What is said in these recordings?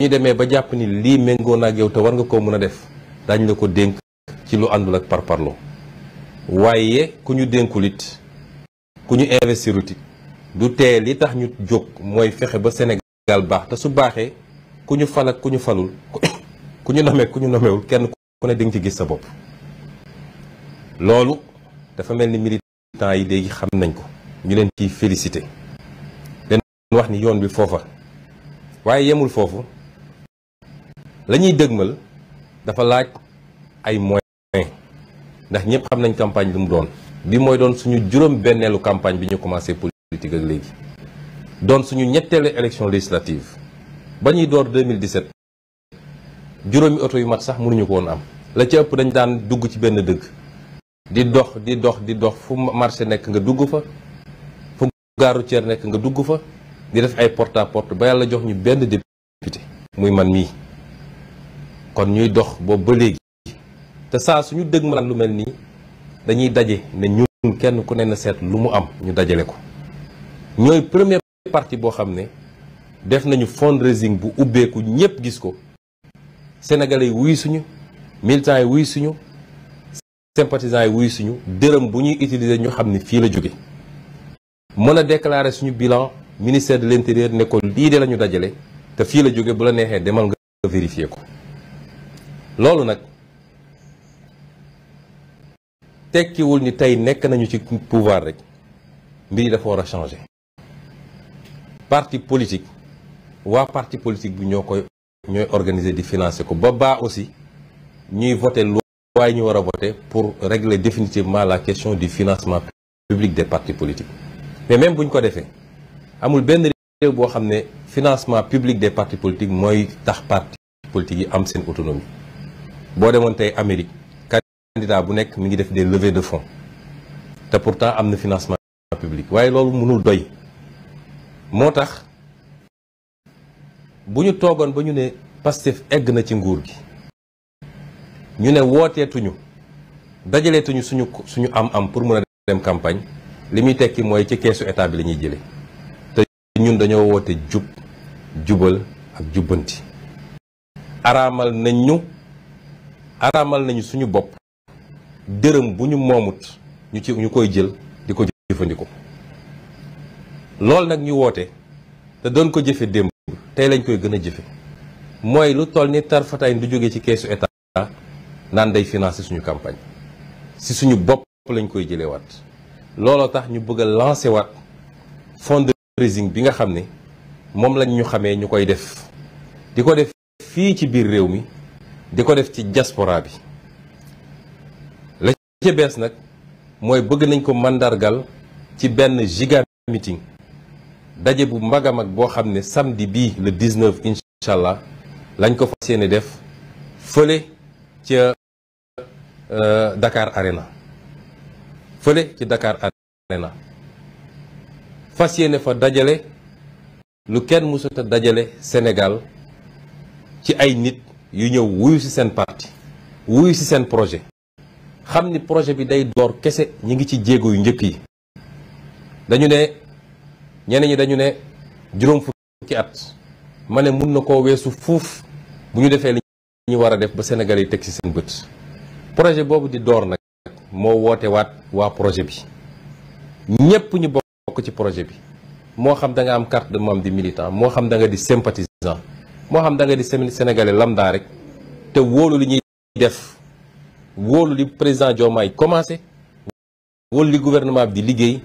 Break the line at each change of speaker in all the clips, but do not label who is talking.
ñu demee ba jàpp ni lii méngoo na ak yow te war nga koo mën a def dañ la ko dénk ci lu àndul ak par parparlo waaye ku ñu dénkul it ku ñu investirutit du tee li tax ñu jóg mooy fexe ba Sénégal baax te su baaxee ku ñu fal ak ku ñu falul ku ñu nomee ku ñu nomewul kenn ku ne di nga ci gis sa bopp loolu dafa mel ni militants yi léegi xam nañ ko ñu leen ciy félicité leen wax ni yoon bi foofa waaye yemul foofu lañuy dëgmal dafa laaj ay moyens ndax ñëpp xam nañ campagne lu mu doon bi mooy doon suñu juróom benneelu campagne bi ñu commencé politique ak léegi doon suñu ñetteelu élection législative ba ñuy door 2017 juróomi oto yu mat sax mënuñu ko woon am la ci ëpp dañ daan dugg ci benn dëkk di dox di dox di dox fu marché nekk nga dugg fa fu gaaru routière nekk nga dugg fa di def ay porte à porte ba yàlla jox ñu benn député muy man mii kon ñuy dox boobu ba léegi te saa suñu dëgg ma lu mel nii dañuy daje ne ñun kenn ku ne na seet lu mu am ñu dajale ko ñooy première partie boo xam ne def nañu fundraising bu ubbeeku ñëpp gis ko sénégalais yi wuy suñu militants yi wuy suñu sympathisants yi wuy suñu dërëm bu ñuy utiliser ñu xam ni fii la jóge mën a suñu bilan ministère de l'intérieur ne ko lii de la ñu dajale te fii la jóge bu la neexee demal nga vérifier ko loolu nag tekkiwul ni tey nekk nañu ci pouvoir rek mbir yi dafa war a changer parti politique waa parti politique bi ñoo koy ñooy organiser di financer ko ba baa aussi ñuy voter loi waaye ñu war a voter pour régler définitivement la question du financement public des partis politiques mais même buñ ko defee amul benn réew boo xam ne financement public des partis politiques mooy tax parti politique yi am seen autonomie boo demoon tey Amérique candidat bu nekk mu ngi def des levées de fonds te pourtant am na financement public waaye loolu mënul doy moo tax bu ñu toogoon ba ñu ne Pastef egg na ci nguur gi ñu ne wooteetuñu dajaleetuñu suñu suñu am-am pour mën a dem campagne li muy tekki mooy ci keesu état bi lañuy ñuy jëlee te ñun dañoo woote jub jubal ak jubbanti araamal nañ ñu araamal nañu suñu bopp dërëm bu ñu moomut ñu ci ñu koy jël di ko jëfandikoo loolu nag ñu woote te doon ko jëfe démb tey lañ koy gën a jëfe mooy lu toll ni tarfataay du jóge ci keesu état nan day finance suñu campagne si suñu bopp lañ koy jëlee waat looloo tax ñu bëgg a lancer waat fundraising bi nga xam ne moom lañ ñu xamee ñu koy def di ko def fii ci biir réew mi di ko def ci diaspora bi la ca bees nag mooy bëgg nañ ko màndargal ci benn giga daje bu mag a mag boo xam ne samedi bi le 19 incha allah lañ ko fas yéene def fële ca euh, Dakar Arena fële ci Dakar Arena fas yéene fa dajale lu kenn mësut dajale Sénégal ci ay nit yu ñëw wuyu ci seen parti wuyu ci seen projet xam ni projet bi day door kese ñi ngi ci jéego yu njëkk yi dañu ne ñeneen yi dañu ne juróom fukki at ma ne mun na koo weesu fuuf bu ñu defee li ñu war a def ba Sénégal yi teg ci seen bët projet boobu di door nag moo woote waat waa projet bi ñépp ñu bokk ci projet bi moo xam da nga am carte de membre di militant moo xam danga nga di sympathisant moo xam da nga di sénégalais lambda rek te wóolu li ñuy def wóolu li président Diomaye commencé wóolu li gouvernement bi liggéey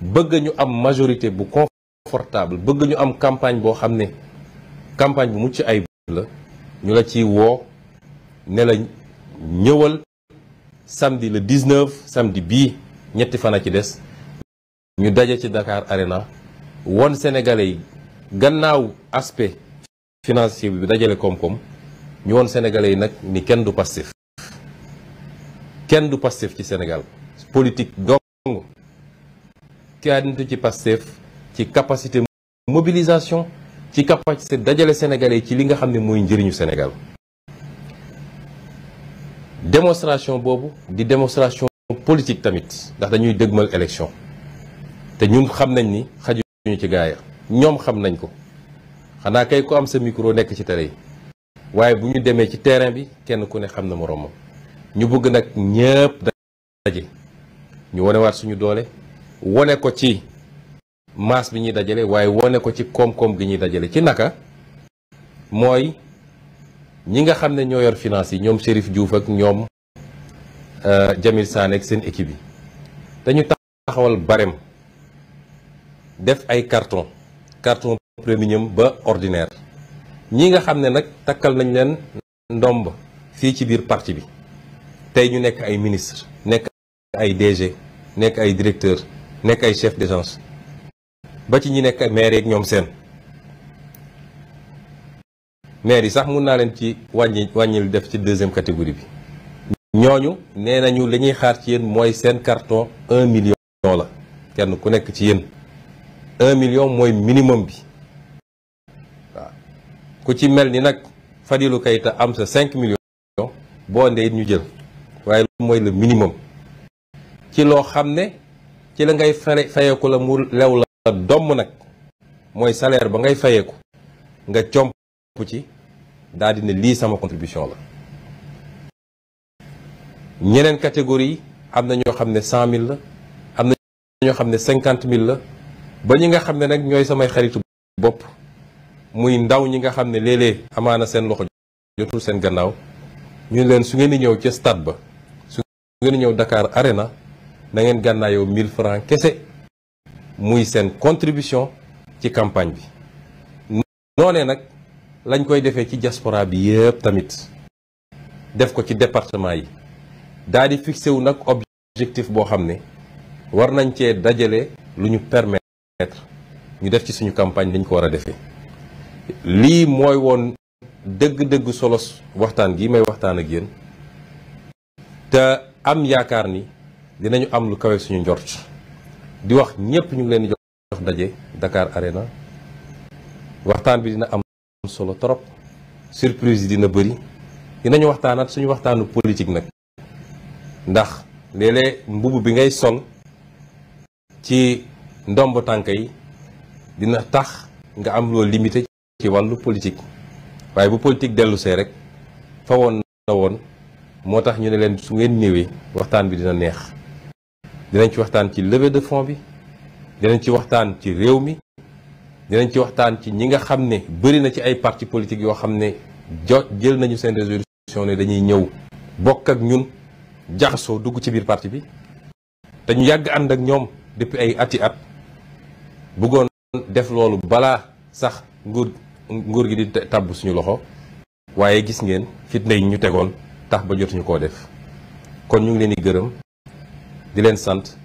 bëgg ñu am majorité bu confortable bëgg ñu am campagne boo xam ne campagne bu mucc ay ayib la ñu la ci woo ne la ñëwal samedi le 19 samdi bii ñetti fan a ci des ñu daje ci Dakar Arena won Sénégalais yi gannaaw aspect financier bi dajale koom-koom ñu woon sénégalais yi nag ni kenn du Pastef kenn du Pastef ci Sénégal politique dong kenn ci Pastef ci capacité mobilisation ci capacité dajale sénégalais yi ci li nga xam ne mooy njëriñu Sénégal démonstration boobu di démonstration politique tamit ndax dañuy dëgmal élection te ñun xam nañ ni xajuñu ci gaaya ñoom xam nañ ko xanaa kay ku am sa micro nekk ci tere yi waaye bu ñu demee ci terrain bi kenn ku ne xam na moroomam ñu bëgg nag ñëpp daje ñu wanewaat suñu doole wane ko ci masse bi ñuy dajale waaye wane ko ci koom-koom gi ñuy dajale ci naka mooy ñi nga xam ne ñoo yor finance yi ñoom Chérif Diouf ak ñoom euh, Jamil Sané ak seen équipe yi dañu taxawal barème def ay carton carton premium ba ordinaire ñi nga xam ne nag takkal nañ leen ndomb fii ci biir parti bi tey ñu nekk ay ministre nekk ay DG nekk ay directeur nekk ay chef d'agence ba ci ñi nekk maire yeeg ñoom seen maire yi sax mun naa leen ci wàññi wàññil def ci deuxième catégorie bi ñooñu nee nañu li ñuy xaar ci yéen mooy seen carton un million la kenn ku nekk ci yéen un million mooy minimum bi ku ci mel ni nag Fadilou Keita am sa 5 millions boo ndee ñu jël waaye loolu mooy le minimum ci loo xam ne ci la ngay fay fayeeku la mu lew la domm nag mooy salaire ba ngay fayeeku nga comp ci daal di ne lii sama contribution la ñeneen catégorie am na ñoo xam ne 100000 la am na ñoo xam ne 50000 la ba ñi nga xam ne nag ñooy samay xaritu bopp. muy ndaw ñi nga xam ne léeg-léeg amaana seen loxo jotul seen gannaaw ñu leen su ngeen di ñëw ca stade ba su ngeen ñëw Dakar Arena na ngeen gànnaayoo mille francs kese muy seen contribution ci campagne bi. noonee nag lañ koy defee ci diaspora bi yëpp tamit def ko ci département yi daal di fixé wu nag objectif boo xam ne war nañ cee dajale lu ñu permettre ñu def ci suñu campagne li ko war a defee. lii mooy woon dëgg-dëgg solo waxtaan gi may waxtaan ak yéen te am yaakaar ni dinañu am lu kawe suñu njort di wax ñëpp ñu leen di jox daje Dakar Arena waxtaan bi dina am solo trop surprise yi dina bëri dinañu waxtaanaat suñu waxtaanu politique nag ndax léeg mbubb bi ngay sol ci ndomb tànk yi dina tax nga am loo limite ci wàllu politique waaye bu politique dellu see rek fa woon na woon moo tax ñu ne leen su ngeen ñëwee waxtaan bi dina neex dinañ ci waxtaan ci levée de fonds bi dinañ ci waxtaan ci réew mi dinañ ci waxtaan ci ñi nga xam ne bëri na ci ay parti politique yoo xam ne jo jël nañu seen résolution ne dañuy ñëw bokk ak ñun jaxasoo dugg ci biir parti bi dañu yàgg ànd ak ñoom depuis ay ati at bëggoon def loolu balaa sax nguur nguur gi di tàbb suñu loxo waaye gis ngeen fitna yi ñu tegoon tax ba jotuñu koo def kon ñu ngi leen di gërëm di leen sant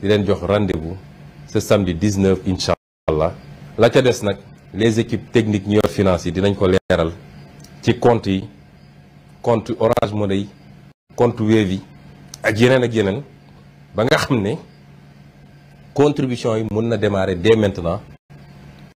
di leen jox rendez-vous ce samedi 19 incha allah la ca des nag les équipes techniques ñu yor finance yi dinañ ko leeral ci compte yi compte Orange Money yi compte Wave yi ak yeneen ak yeneen ba nga xam ne contribution yi mën na démarrer dès maintenant